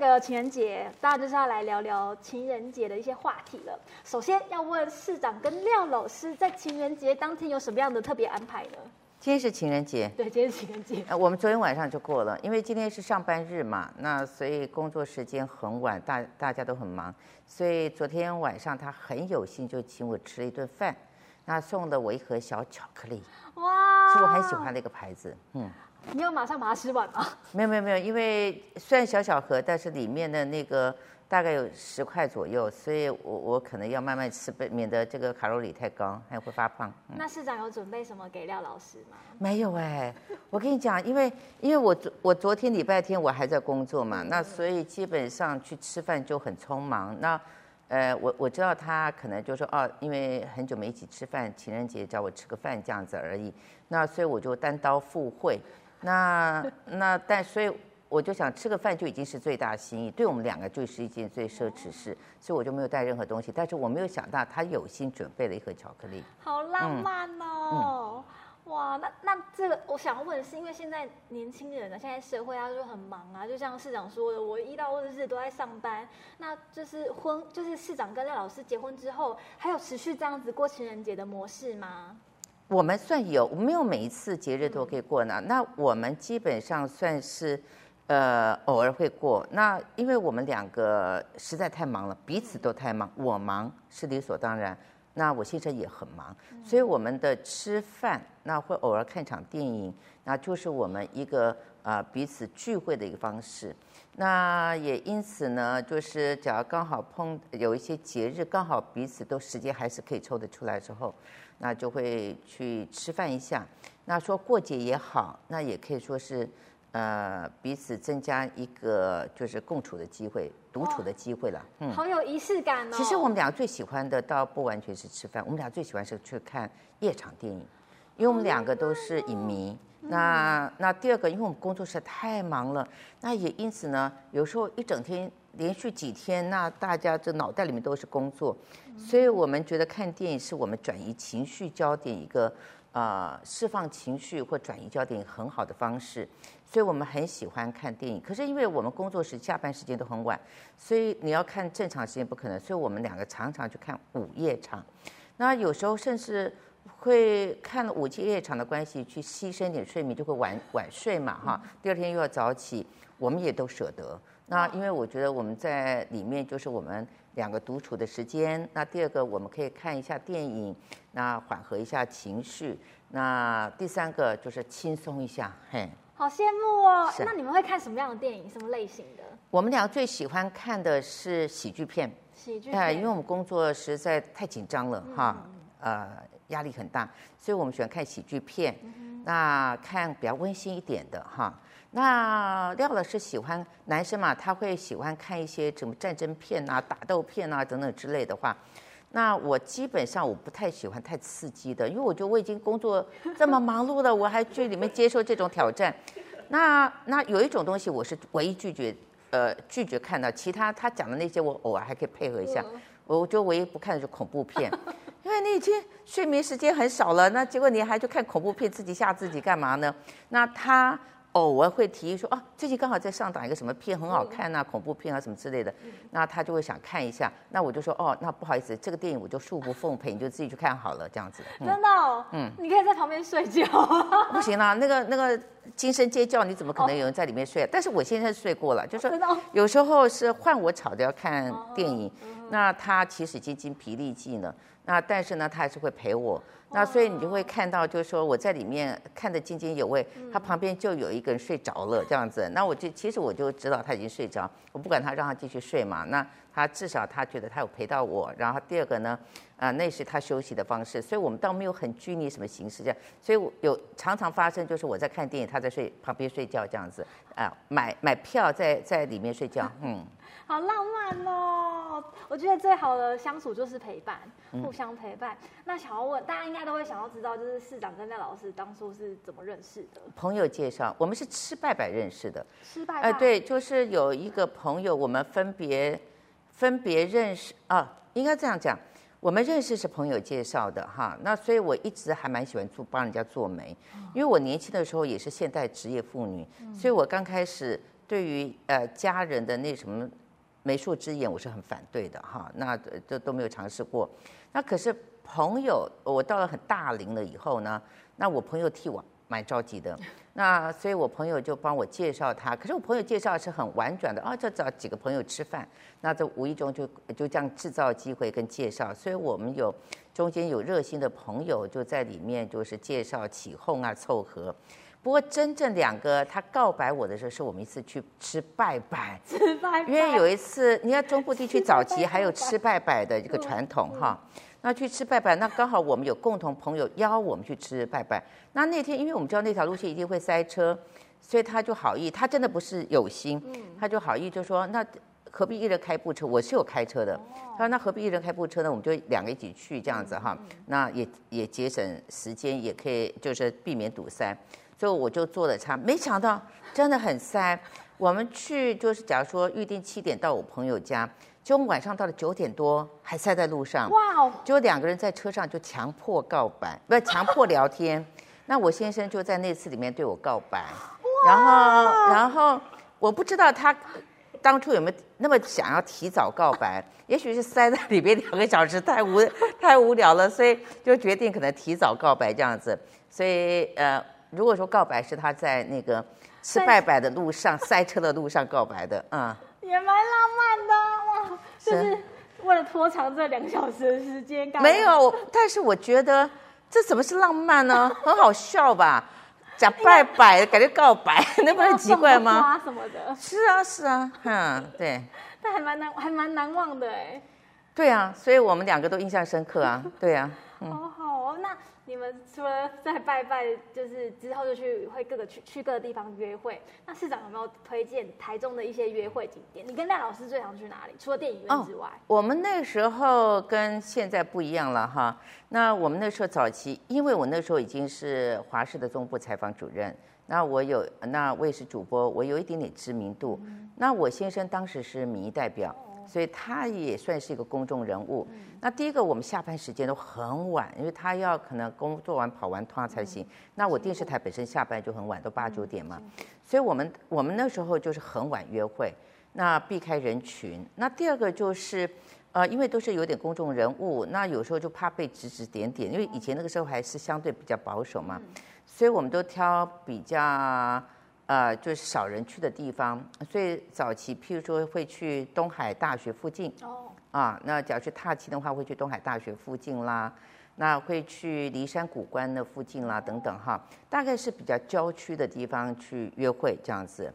這個情人節，大家就是要來聊聊情人節的一些話題了。首先要問市長跟廖老師，在情人節當天有什麼樣的特別安排呢？今天是情人節，對，今天是情人節。呃、啊，我們昨天晚上就過了，因為今天是上班日嘛，那所以工作時間很晚，大大家都很忙，所以昨天晚上他很有心就請我吃了一頓飯，那送了我一盒小巧克力，哇，是我很喜歡的一個牌子，嗯。你要馬上把它吃完嗎？沒有沒有沒有，因為雖然小小盒，但是裡面的那個大概有十塊左右，所以我我可能要慢慢吃，免免得這個卡路里太高，還會發胖。嗯、那市長有準備什麼給廖老師嗎？沒有哎、欸，我跟你講，因為因為我昨我昨天禮拜天我還在工作嘛，那所以基本上去吃飯就很匆忙。那呃，我我知道他可能就說、是、哦，因為很久沒一起吃飯，情人節找我吃個飯這樣子而已。那所以我就單刀赴會。 那那但所以我就想吃個飯就已經是最大的心意，對，我們兩個就是一件最奢侈事，所以我就沒有帶任何東西。但是我沒有想到他有心準備了一盒巧克力，好浪漫哦！嗯嗯、哇，那那這個我想問的是，因為現在年輕人呢、啊，現在社會啊，就很忙啊，就像市長說的，我一到二十四都在上班。那就是婚，就是市長跟廖老師結婚之後，還有持續這樣子過情人節的模式嗎？我們算有，沒有每一次節日都可以過呢。那我們基本上算是，呃，偶爾會過。那因為我們兩個實在太忙了，彼此都太忙，我忙是理所當然。那我先生也很忙，所以我們的吃飯，那會偶爾看場電影，那就是我們一個啊、呃、彼此聚會的一個方式。那也因此呢，就是只要剛好碰有一些節日，剛好彼此都時間還是可以抽得出來之後。那就會去吃飯一下，那說過節也好，那也可以說是，呃，彼此增加一個就是共處的機會、獨處的機會了。哦、嗯，好有儀式感呢、哦、其實我們倆最喜歡的倒不完全是吃飯，我們倆最喜歡是去看夜場電影，因為我們兩個都是影迷。Oh、那那第二個，因為我們工作室太忙了，那也因此呢，有時候一整天。連續幾天，那大家這腦袋裡面都是工作，所以我們覺得看電影是我們轉移情緒焦點一個啊、呃、釋放情緒或轉移焦點很好的方式，所以我們很喜歡看電影。可是因為我們工作時下班時間都很晚，所以你要看正常時間不可能，所以我們兩個常常去看午夜場，那有時候甚至會看了午夜場的關係去犧牲點睡眠，就會晚晚睡嘛哈，第二天又要早起，我們也都捨得。那因為我覺得我們在裡面就是我們兩個獨處的時間。那第二個我們可以看一下電影，那緩和一下情緒。那第三個就是輕鬆一下，嘿。好羨慕哦！是那你們會看什麼樣的電影？什麼類型的？我們倆最喜歡看的是喜劇片。喜劇片。哎、呃，因為我們工作實在太緊張了哈，嗯、呃，壓力很大，所以我們喜歡看喜劇片。嗯、哼那看比較溫馨一點的哈。那廖老師喜歡男生嘛？他會喜歡看一些什麼戰爭片啊、打鬥片啊等等之類的話。那我基本上我不太喜歡太刺激的，因為我覺得我已經工作這麼忙碌了，我還去裡面接受這種挑戰。那那有一種東西我是唯一拒絕，呃，拒絕看的。其他他講的那些我偶爾還可以配合一下。我我覺得唯一不看的是恐怖片，因為你已經睡眠時間很少了，那結果你還去看恐怖片，自己嚇自己幹嘛呢？那他。哦，oh, 我會提議說啊，最近剛好在上檔一個什麼片很好看啊，嗯、恐怖片啊什麼之類的，嗯、那他就會想看一下，那我就說哦，那不好意思，這個電影我就恕不奉陪，你就自己去看好了，這樣子。嗯、真的、哦？嗯，你可以在旁邊睡覺。 不行啦，那個那個驚聲尖叫，你怎麼可能有人在裡面睡、啊？哦、但是我現在睡過了，就說、哦、有時候是換我吵着要看電影，哦嗯、那他其實已經精疲力盡了，那但是呢，他還是會陪我。那所以你就會看到，就是說我在裡面看得津津有味，他旁邊就有一個人睡着了，這樣子。那我就其實我就知道他已經睡着，我不管他，讓他繼續睡嘛。那他至少他覺得他有陪到我。然後第二個呢，啊，那是他休息的方式，所以我們倒沒有很拘泥什麼形式這樣。所以我有常常發生，就是我在看電影，他在睡旁邊睡覺這樣子啊，買買票在在裡面睡覺，嗯。嗯好浪漫哦！我覺得最好的相處就是陪伴，互相陪伴。嗯、那想要問大家，應該都會想要知道，就是市長跟廖老師當初是怎麼認識的？朋友介紹，我們是吃拜拜認識的。吃拜拜、呃、對，就是有一個朋友，我們分別分別認識啊，應該這樣講，我們認識是朋友介紹的哈。那所以我一直還蠻喜歡做幫人家做媒，因為我年輕的時候也是現代職業婦女，嗯、所以我剛開始對於呃家人的那什麼。媒妁之言，我是很反對的哈，那這都沒有嘗試過。那可是朋友，我到了很大齡了以後呢，那我朋友替我蠻着急的。那所以我朋友就幫我介紹他，可是我朋友介紹是很婉轉的啊，就找幾個朋友吃飯，那這無意中就就這樣製造機會跟介紹，所以我們有中間有熱心的朋友就在裡面就是介紹起鬨啊湊合。不過真正兩個他告白我的時候，是我們一次去吃拜拜。因為有一次，你看中部地區早期還有吃拜拜的一個傳統哈。那去吃拜拜，那剛好我們有共同朋友邀我們去吃拜拜。那那天，因為我們知道那條路線一定會塞車，所以他就好意，他真的不是有心，他就好意就說，那何必一人開部車？我是有開車的。他說那何必一人開部車呢？我們就兩個一起去這樣子哈。那也也節省時間，也可以就是避免堵塞。所以我就做了差，沒想到真的很塞。我們去就是，假如說預定七點到我朋友家，結果晚上到了九點多還塞在路上。哇哦！就兩個人在車上就強迫告白，不是強迫聊天。那我先生就在那次裡面對我告白。然後然後我不知道他當初有沒有那麼想要提早告白，也許是塞在裡面兩個小時太無太無聊了，所以就決定可能提早告白這樣子。所以呃。如果說告白是他在那個吃拜拜的路上，哎，塞車的路上告白的，啊、嗯，也蠻浪漫的哇！是就是為了拖長這兩小時的時間，沒有。但是我覺得這怎麼是浪漫呢？ 很好笑吧？講拜拜感覺告白，哎，呀 那不是很奇怪嗎？什麼的？是啊，是啊，哼，嗯，對。但還蠻難，還蠻難忘的哎。對啊，所以我們兩個都印象深刻啊。對啊。嗯。哦除了在拜拜，就是之後就去會各個去去各個地方約會。那市長有沒有推薦台中的一些約會景點？你跟賴老師最想去哪裡？除了電影院之外，哦，我們那時候跟現在不一樣了哈。那我們那時候早期，因為我那時候已經是華視的中部採訪主任，那我有，那我也是主播，我有一點點知名度。嗯、那我先生當時是民意代表。哦所以他也算是一個公眾人物。嗯、那第一個，我們下班時間都很晚，因為他要可能工作完跑完攤才行。嗯、那我電視台本身下班就很晚，都八九點嘛。嗯、所以我們我們那時候就是很晚約會，那避開人群。那第二個就是，呃，因為都是有點公眾人物，那有時候就怕被指指點點，因為以前那個時候還是相對比較保守嘛。嗯、所以我們都挑比較。呃，就是少人去的地方。最早期，譬如說會去東海大學附近哦，啊，那假如去踏青的話，會去東海大學附近啦，那會去梨山谷關的附近啦，等等哈，大概是比較郊區的地方去約會這樣子。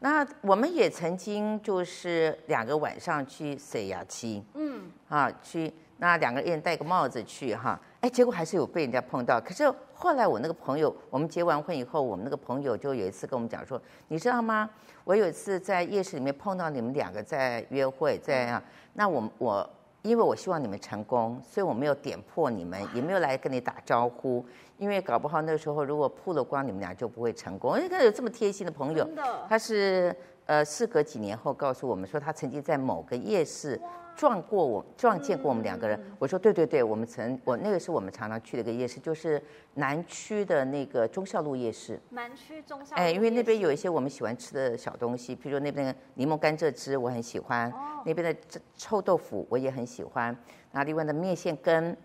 那我們也曾經就是兩個晚上去三亞期，嗯，啊去。那兩個人戴個帽子去哈，哎，結果還是有被人家碰到。可是後來我那個朋友，我們結完婚以後，我們那個朋友就有一次跟我們講說，你知道嗎？我有一次在夜市裡面碰到你們兩個在約會，在那我我，因為我希望你們成功，所以我沒有點破你們，也沒有來跟你打招呼，因為搞不好那時候如果曝了光，你們倆就不會成功。因為有這麼貼心的朋友，他是呃，事隔幾年後告訴我們說，他曾經在某個夜市。撞過我，撞見過我們兩個人。嗯、我說對對對，我們曾我那個是我們常常去的一個夜市，就是南區的那個忠孝路夜市。南區忠孝。哎，因為那邊有一些我們喜歡吃的小東西，譬如說那邊的檸檬甘蔗汁，我很喜歡；哦、那邊的臭豆腐我也很喜歡。那裡外的麵線羹，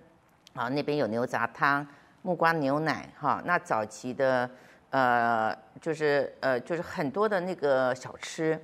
啊，那邊有牛雜湯、木瓜牛奶，哈、啊，那早期的呃，就是呃，就是很多的那個小吃。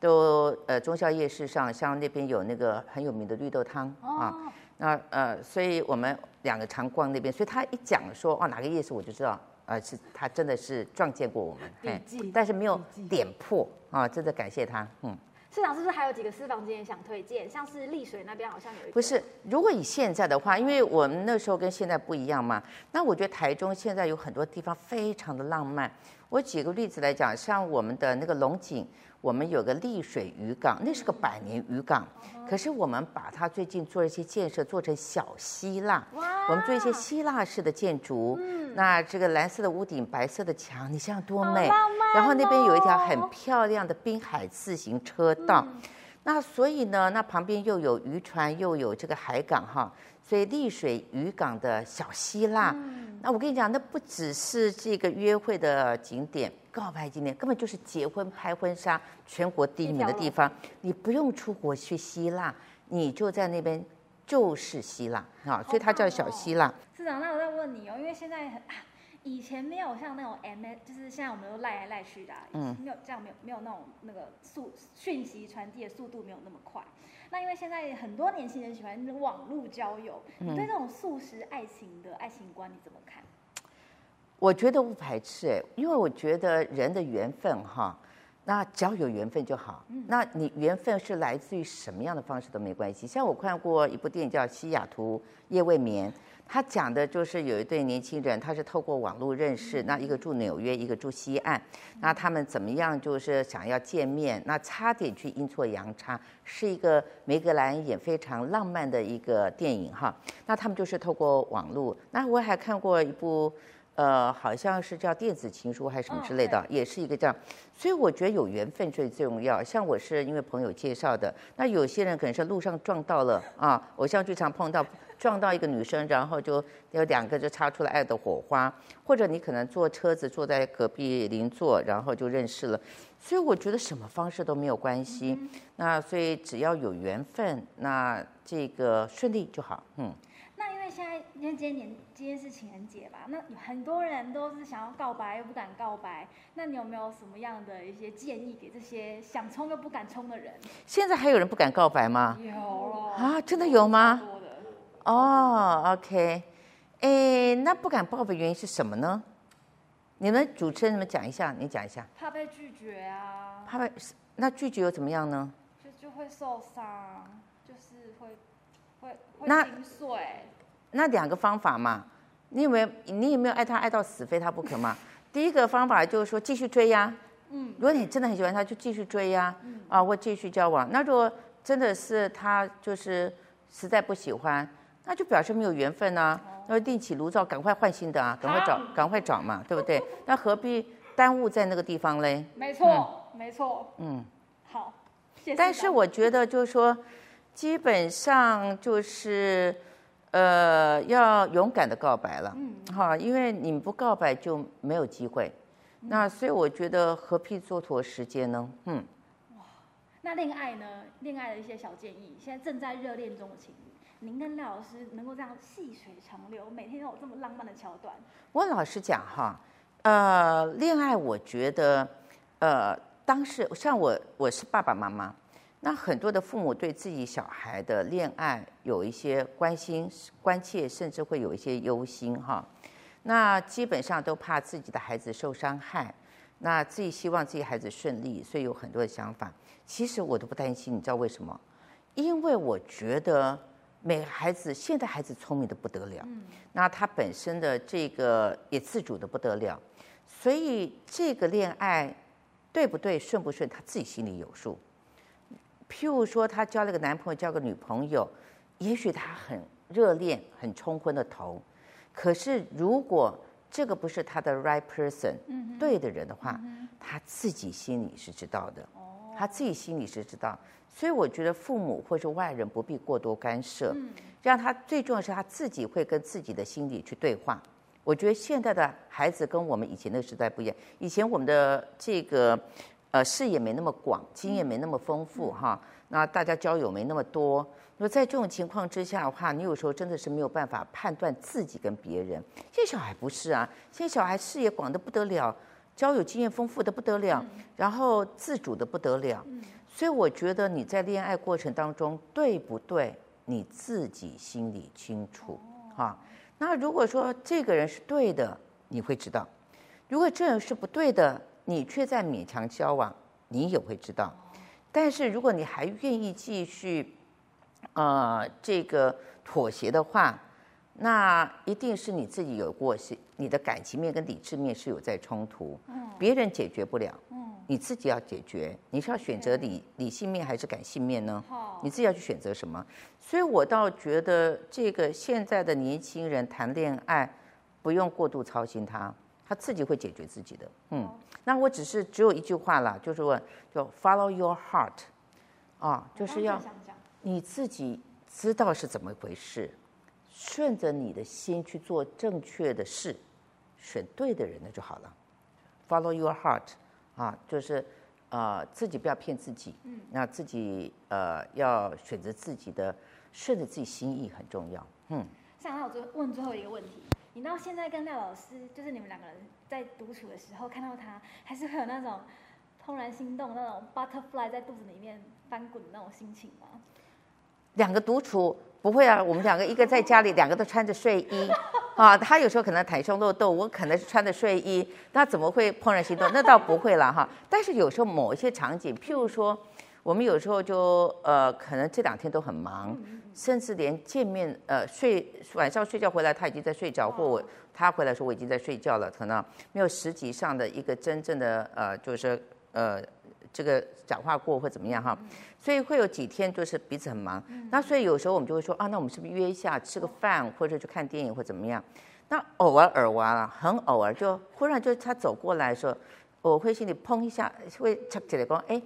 都呃，忠孝夜市上，像那邊有那個很有名的綠豆湯，哦、啊，那呃，所以我們兩個常逛那邊，所以他一講說哦哪個夜市，我就知道，呃，是他真的是撞見過我們，但是沒有點破記啊，真的感謝他，嗯。市長是不是還有幾個私房景點想推薦？像是麗水那邊好像有一個。不是，如果以現在的話，因為我們那時候跟現在不一樣嘛，那我覺得台中現在有很多地方非常的浪漫。我舉個例子來講，像我們的那個龍井，我們有個麗水漁港，那是個百年漁港，可是我們把它最近做一些建設，做成小希臘。哇我們做一些希臘式的建築，嗯、那這個藍色的屋頂，白色的牆，你想想多美。哦、然後那邊有一條很漂亮的濱海自行車道，嗯、那所以呢，那旁邊又有漁船，又有這個海港哈，所以麗水漁港的小希臘。嗯啊，我跟你講，那不只是這個約會的景點，告白景點，根本就是結婚拍婚紗全國第一名的地方。你不用出國去希臘，你就在那邊，就是希臘啊，哦，所以它叫小希臘。市長，那我在問你哦，因為現在很。以前沒有像那種 M S，就是現在我們都賴來賴去的，啊，嗯，沒有這樣，沒有沒有那種那個速訊息傳遞的速度沒有那麼快。那因為現在很多年輕人喜歡網路交友，嗯，你對這種速食愛情的愛情觀你怎麼看？我覺得不排斥哎，因為我覺得人的緣分哈，那只要有緣分就好。嗯，那你緣分是來自於什麼樣的方式都沒關係。像我看過一部電影叫《西雅圖夜未眠》。他講的就是有一對年輕人，他是透過網絡認識，嗯、那一個住紐約，嗯、一個住西岸，嗯、那他們怎麼樣就是想要見面，那差點去陰錯陽差，是一個梅格蘭演非常浪漫的一個電影哈。那他們就是透過網絡，那我還看過一部，呃，好像是叫《電子情書》還是什麼之類的，哦、也是一個這樣。所以我覺得有緣分最重要，像我是因為朋友介紹的，那有些人可能是路上撞到了啊，偶像劇常碰到。撞到一個女生，然後就有兩個就擦出了愛的火花，或者你可能坐車子坐在隔壁鄰座，然後就認識了，所以我覺得什麼方式都沒有關係，嗯嗯。那所以只要有緣分，那這個順利就好，嗯。那因為現在因為今天今天是情人節吧，那很多人都是想要告白又不敢告白，那你有沒有什麼樣的一些建議給這些想衝又不敢衝的人？現在還有人不敢告白嗎？有、哦、啊，真的有嗎？有多多哦，哦，OK，哎，那不敢報復的原因是什麼呢？你們主持人們講一下，你講一下。怕被拒絕啊。怕被那拒絕又怎麼樣呢？就就會受傷，就是會會會心碎。那兩個方法嘛，你有沒有你有沒有愛他愛到死，非他不可嘛？ 第一個方法就是說繼續追呀、啊，嗯，如果你真的很喜歡他，就繼續追呀、啊，嗯、啊，或繼續交往。那如果真的是他就是實在不喜歡。那就表示沒有緣分啊。那、哦、另起爐灶，趕快換新的啊！趕快找，啊、趕快找嘛，對不對？那何必耽誤在那個地方嘞？沒錯，嗯、沒錯。嗯，好。謝謝。但是我覺得，就是說，嗯、基本上就是，呃，要勇敢的告白了。嗯。好，因為你不告白就沒有機會。嗯、那所以我覺得何必蹉跎時間呢？嗯。哇，那戀愛呢？戀愛的一些小建議，現在正在熱戀中的情您跟廖老師能夠這樣細水長流，每天都有這麼浪漫的橋段。我老實講哈，呃，戀愛，我覺得，呃，當時像我，我是爸爸媽媽，那很多的父母對自己小孩的戀愛有一些關心、關切，甚至會有一些憂心哈。那基本上都怕自己的孩子受傷害，那自己希望自己孩子順利，所以有很多的想法。其實我都不擔心，你知道為什麼？因為我覺得。每個孩子，現在孩子聰明的不得了，嗯、那他本身的這個也自主的不得了，所以這個戀愛對不對、順不順，他自己心裡有數。譬如說，他交了個男朋友、交個女朋友，也許他很熱戀、很沖昏了頭，可是如果這個不是他的 right person，嗯哼、對的人的話，嗯哼、他自己心裡是知道的。他自己心裡是知道，所以我覺得父母或是外人不必過多干涉，讓他最重要的是他自己會跟自己的心裡去對話。我覺得現在的孩子跟我們以前的時代不一樣，以前我們的這個，呃，視野沒那麼廣，經驗沒那麼豐富哈，那、嗯嗯嗯啊、大家交友沒那麼多，那在這種情況之下的話，你有時候真的是沒有辦法判斷自己跟別人。現在小孩不是啊，現在小孩視野廣得不得了。交友經驗豐富的不得了，然後自主的不得了，所以我覺得你在戀愛過程當中對不對，你自己心裡清楚啊。那如果說這個人是對的，你會知道；如果這個人是不對的，你卻在勉強交往，你也會知道。但是如果你還願意繼續，啊、呃，這個妥協的話。那一定是你自己有過，是你的感情面跟理智面是有在衝突，別人解決不了，你自己要解決，你是要選擇理理性面，還是感性面呢？你自己要去選擇什麼？所以我倒覺得這個現在的年輕人談戀愛不用過度操心他，他自己會解決自己的。嗯，那我只是只有一句話了，就是說就 follow your heart，啊，就是要你自己知道是怎麼回事。順着你的心去做正確的事，選對的人那就好了。Follow your heart，啊，就是，啊、呃，自己不要騙自己。嗯。那自己呃要選擇自己的，順着自己心意很重要。嗯。像我就問最後一個問題，你到現在跟廖老師，就是你們兩個人在獨處的時候，看到他，還是會有那種怦然心動、那種 butterfly 在肚子裡面翻滾的那種心情嗎？兩個獨處不會啊，我們兩個一個在家裡，兩個都穿着睡衣，啊，他有時候可能袒胸露肚，我可能是穿着睡衣，那怎麼會怦然心動？那倒不會啦哈。但是有時候某一些場景，譬如說，我們有時候就呃，可能這兩天都很忙，甚至連見面呃睡晚上睡覺回來他已經在睡着，或我他回來的時候我已經在睡覺了，可能沒有實際上的一個真正的呃，就是呃。這個講話過或怎麼樣哈，所以會有幾天就是彼此很忙，那所以有時候我們就會說啊，那我們是不是約一下吃個飯或者去看電影或怎麼樣？那偶爾偶爾了，很偶爾就忽然就他走過來說，我會心裡砰一下，會起來說，哎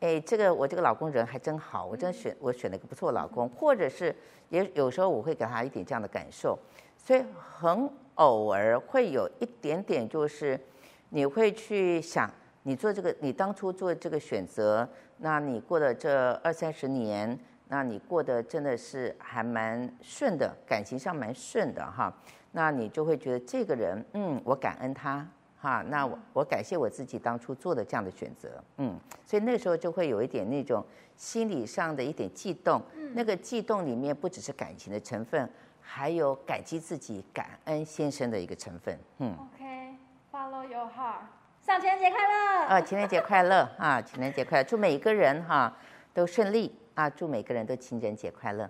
哎，這個我這個老公人還真好，我真選我選了一個不錯的老公，或者是也有時候我會給他一點這樣的感受，所以很偶爾會有一點點，就是你會去想。你做這個，你當初做這個選擇，那你過的這二三十年，那你過得真的是還蠻順的，感情上蠻順的哈。那你就會覺得這個人，嗯，我感恩他哈。那我我感謝我自己當初做的這樣的選擇，嗯。所以那時候就會有一點那種心理上的一點悸動，嗯，那個悸動裡面不只是感情的成分，還有感激自己、感恩先生的一個成分，嗯。OK，follow your heart。情人節快樂！啊、哦，情人節快樂！ 啊，情人節快樂！祝每一個人哈、啊、都順利啊！祝每個人都情人節快樂。